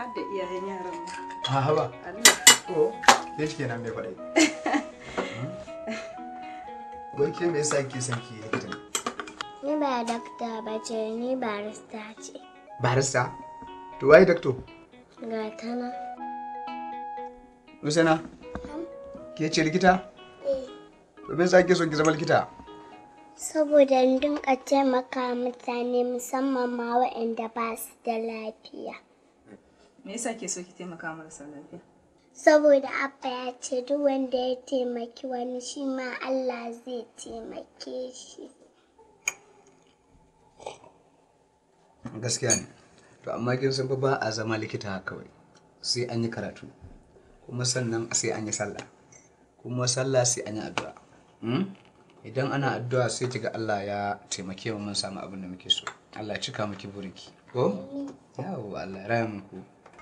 har da iyayen yaran mu ha ni ba dakta ba ni barista ce barista to waye dakto ga ta nan likita? Eh. To me son ki likita? saboda dinka taimaka mutane musamman ma waɗanda ba su da lafiya. Me yasa ke so ki taimaka marasa lafiya? Saboda Abba ya ce duk wanda ya taimaki wani shi ma Allah zai taimake shi. Gaskiya ne. To amma kin san ba a zama likita kawai. Sai an yi karatu. Kuma sannan sai an yi sallah. Kuma sallah sai an yi addu'a. Hmm? Idan ana addu'a sai kiga Allah ya taimake mu mun samu abin da muke so. Allah cika miki burinki. Ko? Yawo Allah ya raya muku.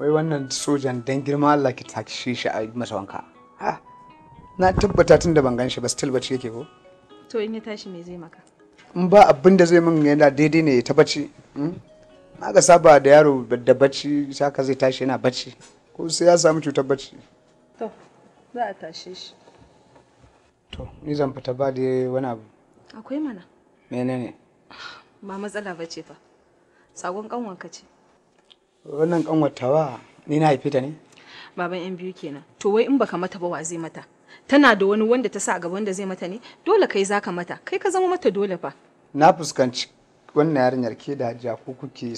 wai wannan sojan dan girma Allah ki tashi shi a masa wanka ha na tabbata tun da ban gan shi ba still bacci yake ko to in ya tashi me zai maka in ba abin da zai min yana daidai ne ta bacci hmm? na ga saba da yaro da bacci saka zai tashi yana bacci ko sai ya samu cutar bacci to za a tashe shi to ni zan fita ba da wani abu akwai mana menene ba matsala bace fa sagon kanwanka ce wannan kanwatawa ni na haife ta ne baban yan biyu kenan to wai in baka mata ba wa zai mata tana da wani wanda ta sa gaba wanda zai mata ne dole kai zaka mata kai ka zama mata dole fa na fuskanci wannan yarinyar ke da hajiya ko kuke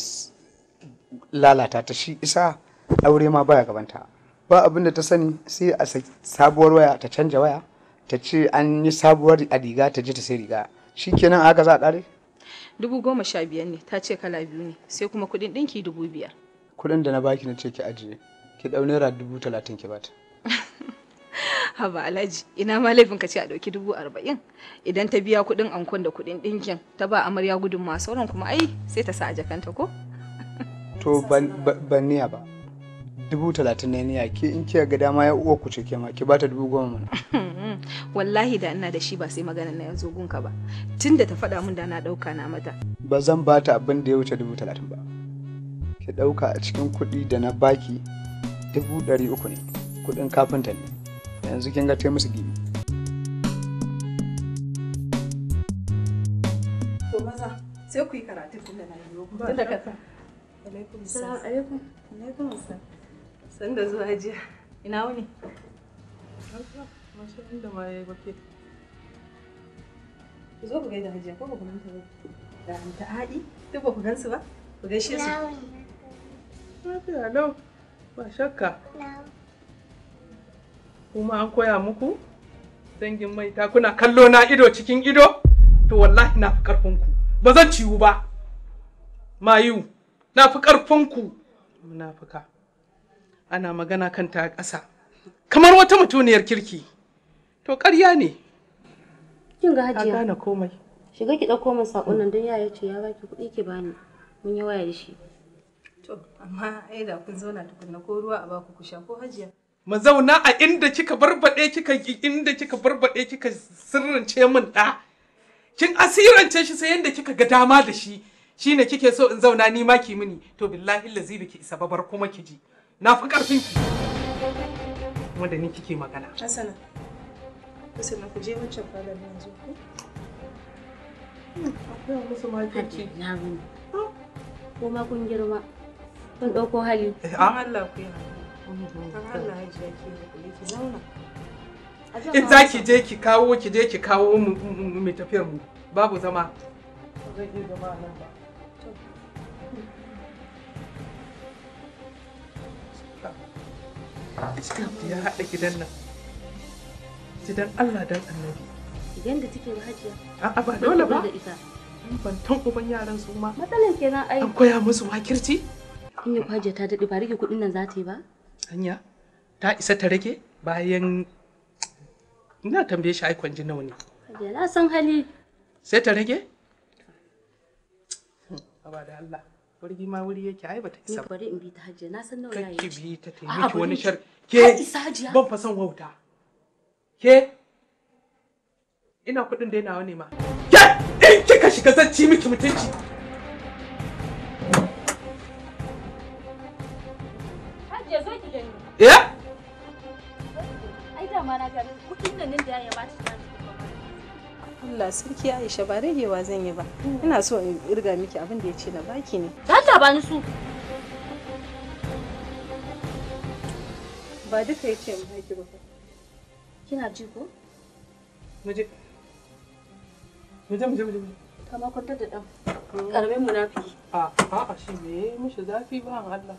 lalata ta shi isa aure ma baya gabanta ba abin ta sani sai a sabuwar waya ta canja waya ta ce an yi sabuwar a riga ta je ta sai riga shikenan haka za a dare? dubu goma sha biyar ne ta ce kala biyu ne sai kuma kudin dinki dubu biyar kuɗin da na baki na ce ki ajiye ki ɗau naira dubu talatin ki bata haba alhaji ina ma laifin ka ce a ɗauki dubu arba'in idan ta biya kuɗin ankon da kuɗin ɗinkin ta ba amarya gudun masu sauran kuma ai sai ta sa a jakanta ko to ban niya ba dubu talatin ne niya ke in kiya ga dama ya uwa ku ce ke ma ki bata dubu goma mana wallahi da ina da shi ba sai maganar na yanzu gunka ba tunda ta faɗa min da na ɗauka na mata ba zan bata abin da ya wuce dubu talatin ba ki ɗauka a cikin kuɗi da na baki dubu ɗari uku ne kuɗin kafinta ne yanzu kin ga musu gini. To maza sai ku yi karatu tun da na yi ba. Tun da kasa. Alaikum salam. Alaikum. Alaikum salam. San da zuwa jiya. Ina wuni? Masha inda ma yayi bake. Ku zo ku gaida hajiya ko ba ku manta ba. Da Anta Adi duk ba ku gansu ba? Ku gaishe su. ina Lafiya lau, ba shakka. Kuma an koya muku? Dangin maita kuna kallo na ido cikin ido? To wallahi na fi ƙarfinku, ba zan ciwu ba. Mayu, na fi ƙarfinku. Munafuka. Ana magana kan ta ƙasa. Kamar wata mutuniyar kirki. To ƙarya ne. Kin ga hajiya. gane komai. Shiga ki ɗauko min saƙon nan don ya ce ya baki kuɗi ki bani. Mun yi waya da shi. To, amma ai da kun zauna tukunna ko ruwa a baku ku sha ko hajiya. Mu zauna a inda kika barbaɗe kika inda kika barbaɗe kika sirrince min ɗa. Kin asirance shi sai yanda kika ga dama da shi. shi ne kike so in zauna ni ma ki mini. To billahi lazi biki isa babar kuma ki ji. Na fi ƙarfin ki. Kuma da ni kike magana. Hassana. Hassana ku je wancan falon yanzu ko? Hmm, akwai su ma Na Ko ma kun girma. kun ɗauko hali. Eh, Allah ku yi in za ki je ki kawo ki je ki kawo tafiyar mu babu zama ya haɗa gidan nan gidan Allah annabi gidan da take a'a ba dole ba ban yaran su ma matsalar kenan ai an koya musu wakirci Kunya fajiya ta daɗe ba rage kuɗin nan za ta yi ba? Hanya ta isa ta rage bayan ina tambaye shi aikon ji nawa ne. na san hali. Sai ta rage? Aba da Allah. Wargi ma wuri yake ai bata isa. Bari in bi ta hajiya na san nawa yayi. Kake bi ta taimaki wani shar. Ke ban fa wauta. Ke ina kuɗin dainawa wani ma. Ke in kika shiga zan ci miki mutunci. Eh? Ai da ma na ga kudin nan da ya ba shi Allah sarki Aisha ba ragewa zan yi ba. Ina so in irga miki abin da ya ce na baki ne. Za ta bani su. Ba duka ya ce in baki ba. Kina ji ko? kwantar da mm. A me mishi zafi ba Allah.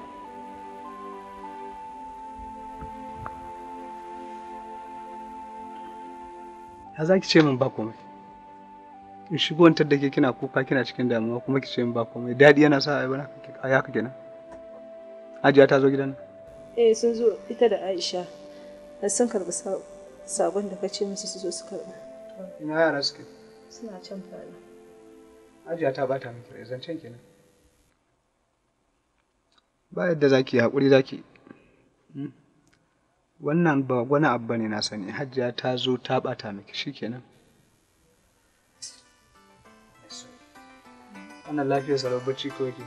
ya za ki ce min ba komai in shigowantar da ke kina kuka kina cikin damuwa kuma ki ce min ba komai daɗi yana sa a ya ka gina hajiya ta zo gidan nan eh sun zo ita da aisha har sun karɓi sabon da ka ce musu su zo su karɓi. ina yara suke suna can fara hajiya ta bata miki rai zancen kenan ba yadda zaki hakuri zaki hmm? wannan ba wani abu bane na sani hajjiya ta zo ta bata miki shikenan wannan lafiyar sa bacci ko yake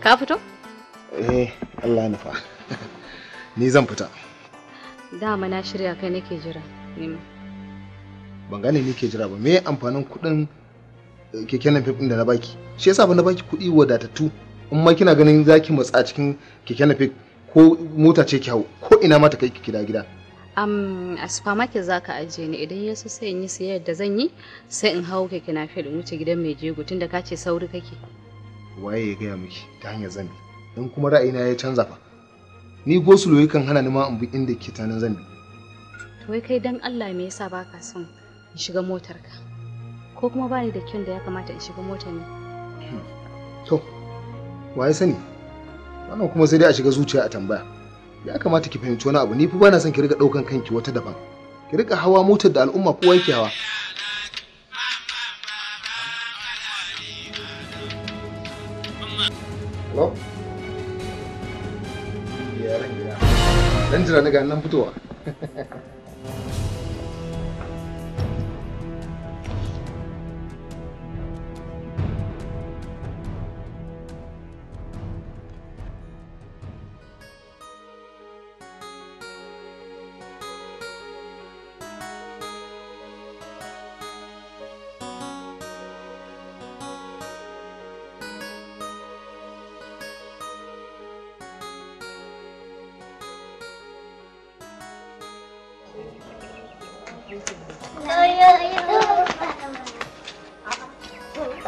Ka fito? eh Allah ya fa ni zan fita dama na shirya kai nake jira ban gane ni jira ba me amfanin kuɗin eh, keke nan fifin da na baki shi yasa ba na baki kuɗi wadatattu in ma kina ganin zaki matsa a cikin keke na ko mota ce ki hau ko ina ma ta kai ki gida gida um, a supermarket za ka ajiye ni idan yasu sai in yi sayar da zan yi sai in hau keke na in wuce gidan mai jego tunda ka sauri kake waye ya gaya miki ta hanyar zambi in kuma ra'ayina ya canza fa ni gosulo yakan hana ni ma in bi inda ke tanan zan bi to wai kai dan Allah me yasa baka son in shiga motar ka ko kuma bani da kyan da ya kamata in shiga motar ne hmm. to wa ya sani wannan kuma sai dai a shiga zuciya a tambaya ya kamata ki fahimci wani abu ni fa bana son ki rika daukan kanki wata daban ki rika hawa motar da al'umma kowa yake hawa Hello? 人知道那个人不多。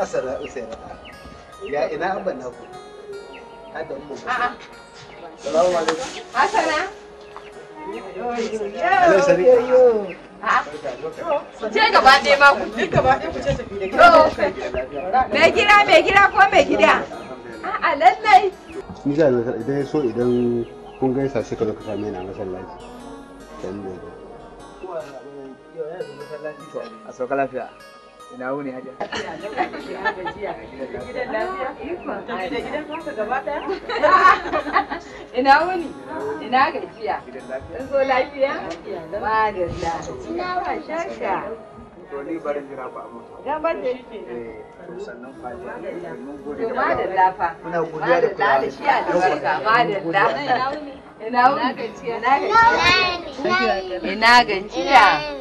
asala ya ina hada mu salamu alaikum gaba ɗaya ma ku. gaba ɗaya ku ce tafi da gida. Mai gida mai gida ko mai gida? A'a lallai. Ni za idan ya so idan kun gaisa sai ka a masallaci. A sauka lafiya. ina wuni hajiya ina wuni ina gajiya in zo lafiya madalla ina ba shakka ni barin jira ba da eh, sannan mun gode da fa muna godiya da da shi ina wuni ina gajiya? ina gajiya ina gajiya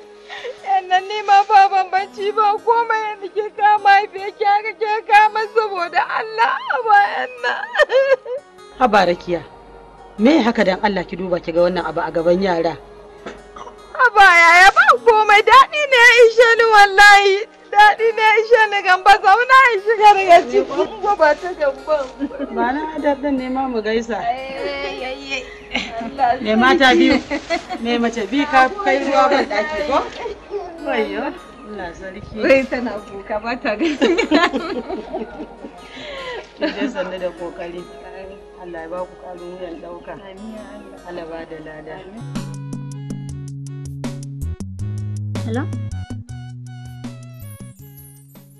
Yannan ni ma ba bambanci ba komai yadda ke kama fiye ki aka ke kama saboda Allah a bayan nan. Habarakiya, me haka dan Allah ki duba ki ga wannan abu a gaban yara? Haba yaya ba komai daɗi ne ya ishe ni wallahi. Daɗi ne ya ishe ni gamba zauna ya shiga daga cikin ba ta gamban. Ba na adab ne ma mu gaisa. Eh. Me mata biyu me mace bi ka kai ruwa ban daki ko wayo Allah sarki wai tana kuka ba ta gani ki sanne da kokari Allah ya ba ku ƙarin wuyan ɗauka Allah ba da lada Hello?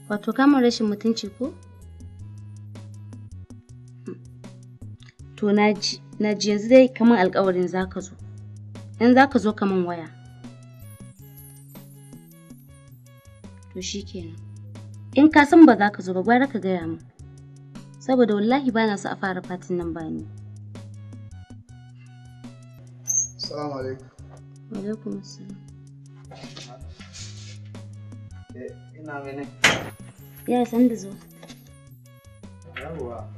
Wato kamun rashin mutunci ko? Hmm. Tunaji. ji. na ji yanzu dai kaman alkawarin za ka zo in za ka zo kaman waya to shi kenan in ka san ba za ka zo ba gwara ka gaya min saboda wallahi ba na so a fara fatin nan ba ni salamu alaikum alaikum assalam eh, ina mene ya san da zo yawwa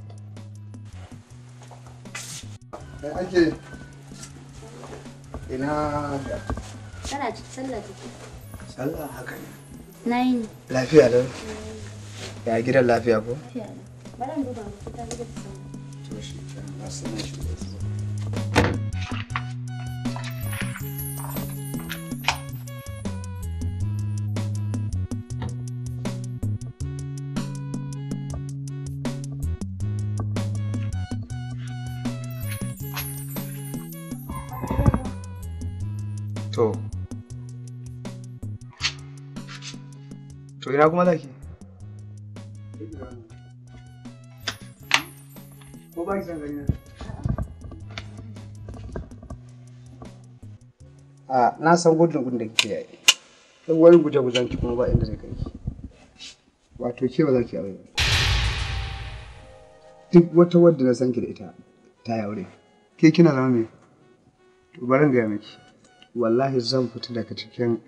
Kai ake ina da. Kana sallah Sallah haka ne. Na yi ne. Lafiya Ya gidan lafiya ko? Lafiya duba mu fita shi. to to ina kuma zaki ko na san gudun gudun da kike yi dan wani guje gujen ki kuma ba inda zai kai wato ke ba za ki aure duk wata wadda na san ki da ita ta yi aure ke kina zama me to bari ga miki wallahi zan fita daga cikin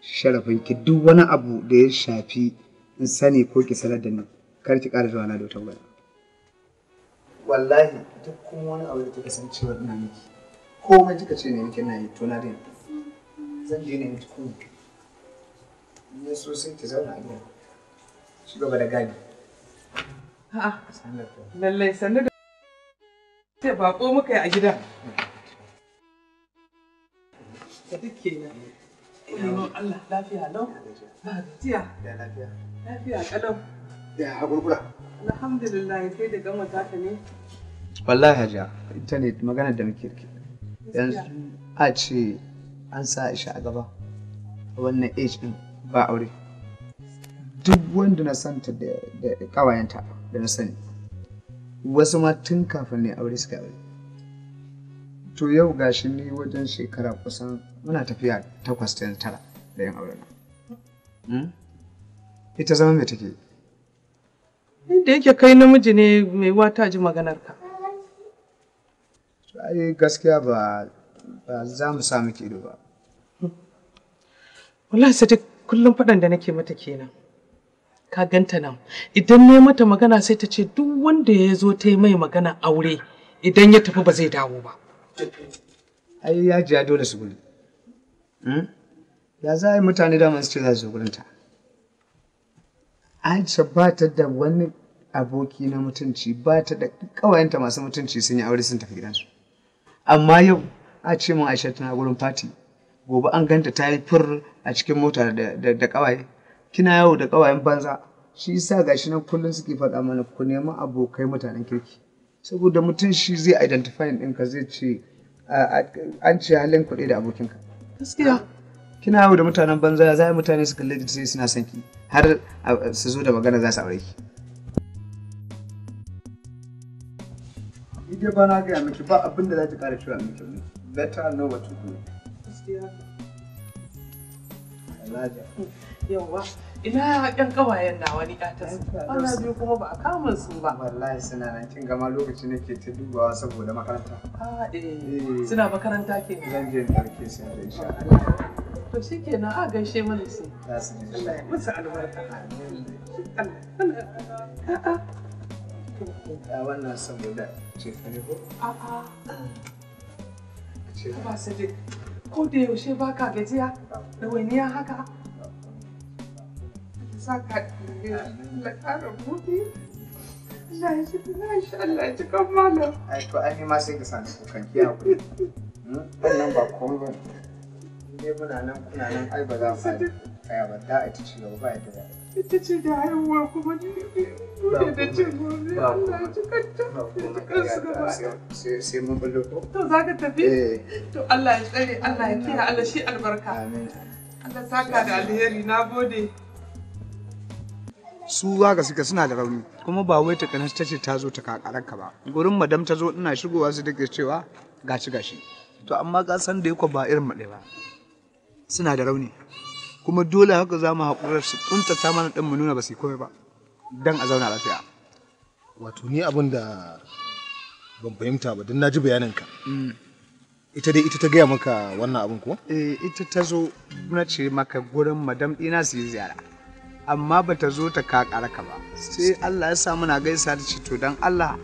sharafin ki duk wani abu da ya shafi in sani ko ki sanar da ni kar ki ƙara zuwa na da wata gwada wallahi duk kuma wani abu da kika san cewa ina miki komai kika ce ne miki ina yi to na daina zan je ne miki kuma ne so sai ki zauna a gidan shi gaba da gadi a'a lallai sanar da ko muka yi a gidan da Allah da ne wallahi hajiya magana da muke rike yanzu a ce an sa Aisha a gaba a wannan age din ba aure duk wanda na santa da kawayenta da na sani wasu ma tun kafin ne aure suka aure to yau gashi ni wajen shekara kusan muna tafiya takwas ta tara da yin na hmm? ita zama mai take Inda yake kai namiji ne mai wata ji maganar ka ai gaskiya ba ba za mu sa miki ido ba wallahi sai kullum faɗan da nake mata kenan ka ganta nan idan ne mata magana sai ta ce duk wanda ya zo ta yi mai magana aure idan ya tafi ba zai dawo ba ai ya ya dole su gudu hmm? ya za a yi mutane damar su ce za su gurinta an ba ta da wani aboki na mutunci ba ta da kawayenta masu mutunci sun yi aure sun tafi gidansu amma yau a ce mun aisha tana gurin fati gobe an ganta ta yi fur a cikin mota da kawaye kina yawo da kawayen banza shi yasa gashi nan kullum suke faɗa mana ku neman abokai mutanen kirki saboda mutum shi zai identify ka zai ce an ce halin kuɗi da abokinka gaskiya kina yawo da mutanen banza za a mutane su kalle da sai suna son ki har su zo da magana za su aure ki Ije ba na gaya miki ba abin da za ki kara cewa miki better know what to do. Gaskiya. Yawa. ina yan kawayen nawa ni ta su ana biyu kuma ba a kama su ba wallahi suna nan kin gama lokaci nake ta dubawa saboda makaranta a ah, eh. eh suna makaranta ke zan je ɗauke dauke su yanzu insha Allah to shikenan a gaishe mana su za su ji musu albarka amin a wannan saboda ce ta ne ko a'a ce ba sai ko da yaushe baka gajiya da wani haka saka Allah ƙara buɗe. Allah ya na shi Allah ya sai ka Wannan ba nan ba za mu ci ba ita ba. ce da haihuwa kuma ni bude da cin gobe Allah ya ji kanta. Ya ji Sai mun bullo To za ka tafi? To Allah ya tsare Allah ya kiyaye Allah shi albarka. Allah saka da alheri na gode. su zaka suka suna da rauni kuma ba wai ta kanas tace ta zo ta ka ba gurin madam ta zo ina shigowa su take cewa gashi gashi to amma ka san da yako ba irin mu ba suna da rauni kuma dole haka za mu haƙurar su kuntata mana dan mu nuna ba su komai ba dan a zauna lafiya wato ni abin da ban fahimta ba don na ji bayaninka mm. ita dai ita ta gaya maka wannan abin ko eh ita ta zo na ce maka gurin madam ɗina su yi ziyara amma ba ta zo ta kakara ka ba sai Allah ya sa muna gaisa da ce to dan Allah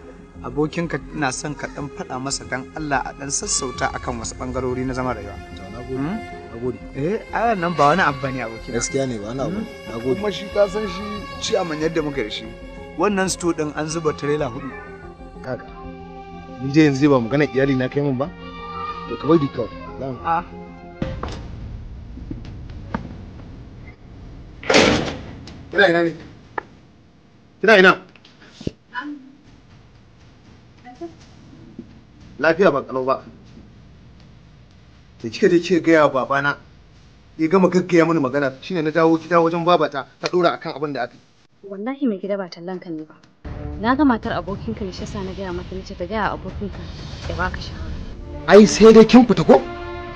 abokinka ina son ka dan faɗa masa dan Allah a dan sassauta akan wasu bangarori na zama rayuwa to na gode hmm? na gode eh ayan nan ba wani abu ne abokin gaskiya ne ba wani abu hmm? na gode kuma shi ka san shi ci a yadda muka rishi wannan sto din an zuba trailer hudu kaga ni je yanzu ba magana iyali na kai mun ba to ka bari kawai a Kina ina ne? ina? Lafiya ba kalau ba. Da kike da kike gaya wa babana ya gama gaggaya mini magana shine na dawo gida wajen babata ta dora akan abin da aka yi. Wallahi mai gida ba tallan ka ne ba. Na ga matar abokinka ne shi yasa na gaya mata ce ta gaya abokinka ya baka shawara. Ai sai dai kin fita ko?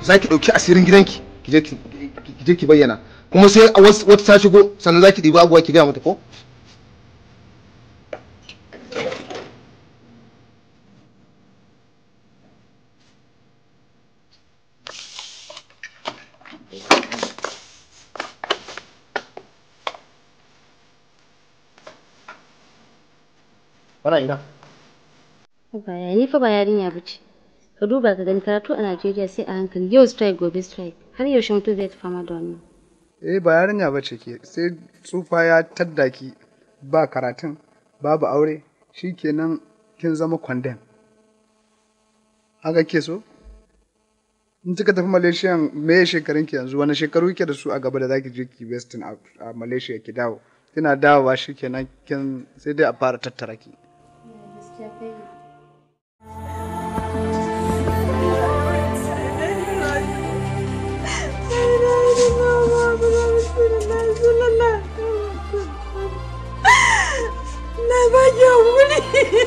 Za ki ɗauki asirin gidanki ki je ki bayyana. kuma sai wata ta shigo sannan za ki ɗiba abuwa ki gaya mata ko Bana ina? Ba fa ba yarinya Ka duba ka gani karatu a Najeriya sai a hankali yau strike gobe strike har yaushe mutum zai fama da wannan. e ba yarinya ba ce ke, sai tsufa ya taddaki ba karatun, babu aure, shi kenan kin zama kwandem. Haka ke so? In kika tafi Malaysia me shekarun ki yanzu, wani shekaru kike da su a gaba da zaki je ki Western a Malaysia ki dawo. Kina dawowa shi kenan kin sai dai a fara tattara ki. Eh,